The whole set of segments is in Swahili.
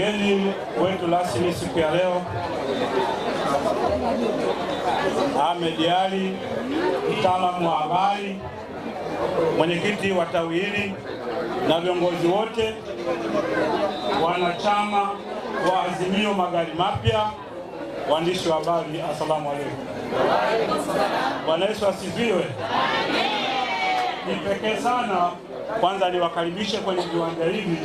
Mgeni wetu rasmi siku ya leo Ahmed ali mtaalamu wa habari, mwenyekiti wa tawi hili na viongozi wote wanachama wa Azimio Magari Mapya, waandishi wa habari, asalamu alaykum. Bwana Yesu asifiwe. Ni pekee sana kwanza aliwakaribisha kwenye viwanja hivi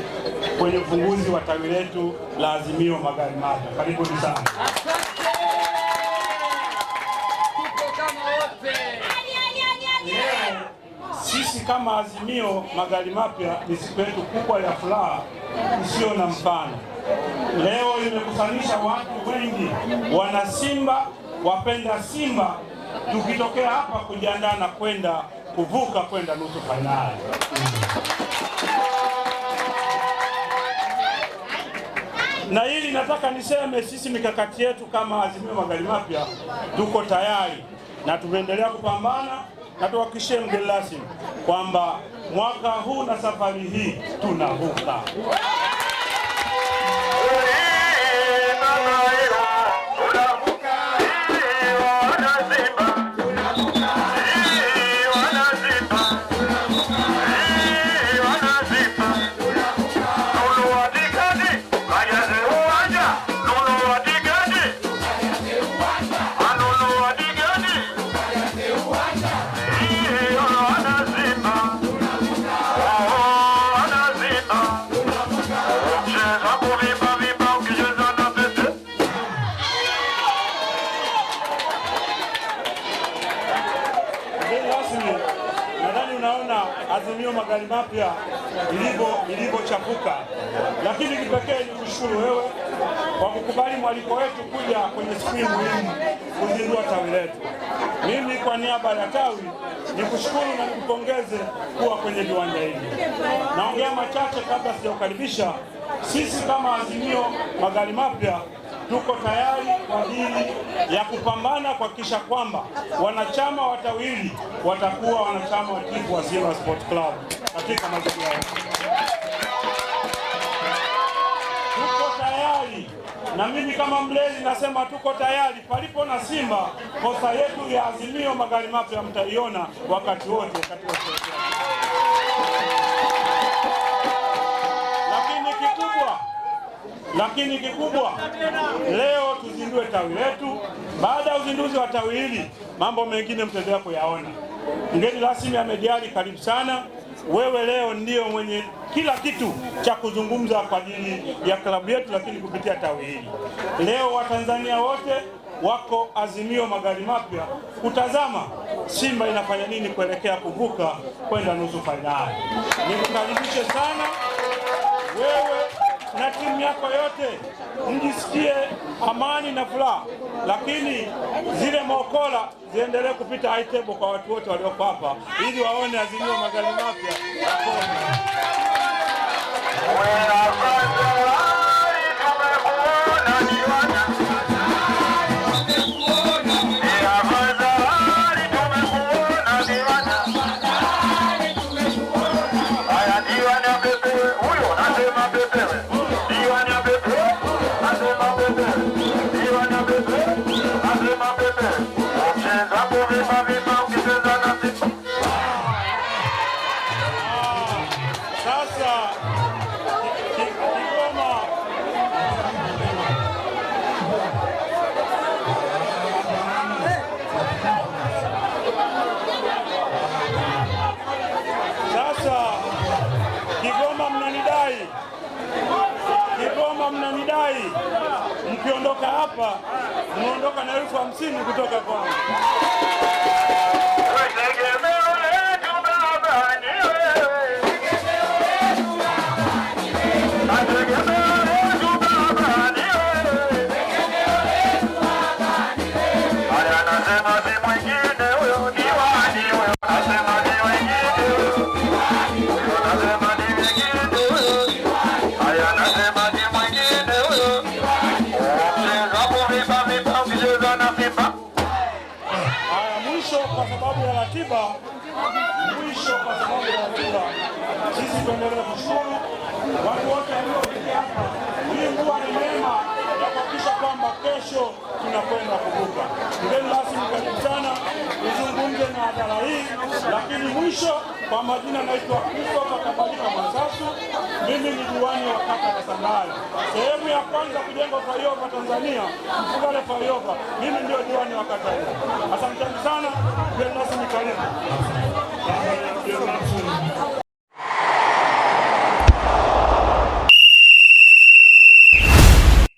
kwenye ufunguzi wa tawi letu la Azimio Magari Mapya. Karibuni sana. Sisi kama Azimio Magari Mapya ni siku yetu kubwa ya furaha isiyo na mfano. Leo imekusanisha watu wengi, wana Simba, wapenda Simba, tukitokea hapa kujiandaa na kwenda kuvuka kwenda nusu fainali. Na hili nataka niseme, sisi mikakati yetu kama Azimio Magari Mapya tuko tayari na tumeendelea kupambana, na tuhakikishie mgeni rasmi kwamba mwaka huu na safari hii tunavuka. azimio magari mapya ilivyochapuka, lakini kipekee ni kushukuru wewe kwa kukubali mwaliko wetu kuja kwenye siku hii muhimu kuzindua tawi letu. Mimi kwa niaba ya tawi nikushukuru na nikupongeze kuwa kwenye viwanja hivi. Naongea machache kabla sijakukaribisha Sisi kama Azimio Magari Mapya tuko tayari kwa ajili ya kupambana kuhakikisha kwamba wanachama watawili watakuwa wanachama wa timu wa Simba Sport Club katika mazingira yao. Tuko tayari na mimi kama mlezi nasema tuko tayari. Palipo na Simba, kosa yetu ya Azimio magari mapya mtaiona wakati wote katika lakini kikubwa lakini kikubwa leo tuzindue tawi letu. Baada ya uzinduzi wa tawi hili, mambo mengine mtaendelea kuyaona. Mgeni rasmi amejali karibu sana wewe. Leo ndiyo mwenye kila kitu cha kuzungumza kwa ajili ya klabu yetu, lakini kupitia tawi hili leo watanzania wote wako Azimio Magari Mapya kutazama Simba inafanya nini kuelekea kuvuka kwenda nusu fainali. Nikukaribishe sana wewe na timu yako yote mjisikie amani na furaha, lakini zile mokola ziendelee kupita high table kwa watu wote walioko hapa, ili waone Azimio magari mapya. madai. Mkiondoka hapa, mnaondoka na elfu hamsini kutoka kwangu. mwisho kwa sababu ya ratiba, mwisho kwa sababu ya ratiba, sisi tuendelee kushukuru watu wote waliofika hapa. Hii huwa ni neema ya kuhakikisha kwamba kesho tunakwenda kuvuka. Mgeni rasmi, karibu sana uzungumze na hadhara hii, lakini mwisho kwa majina naitwa Kristofa Kabalika Mwasasu. Mimi ni diwani wa kata Kasambali, sehemu ya kwanza kujenga flyover Tanzania, Mfugale flyover. Mimi ndio diwani wa kata hiyo. Asanteni sana. Maintenant, c'est Nicolas.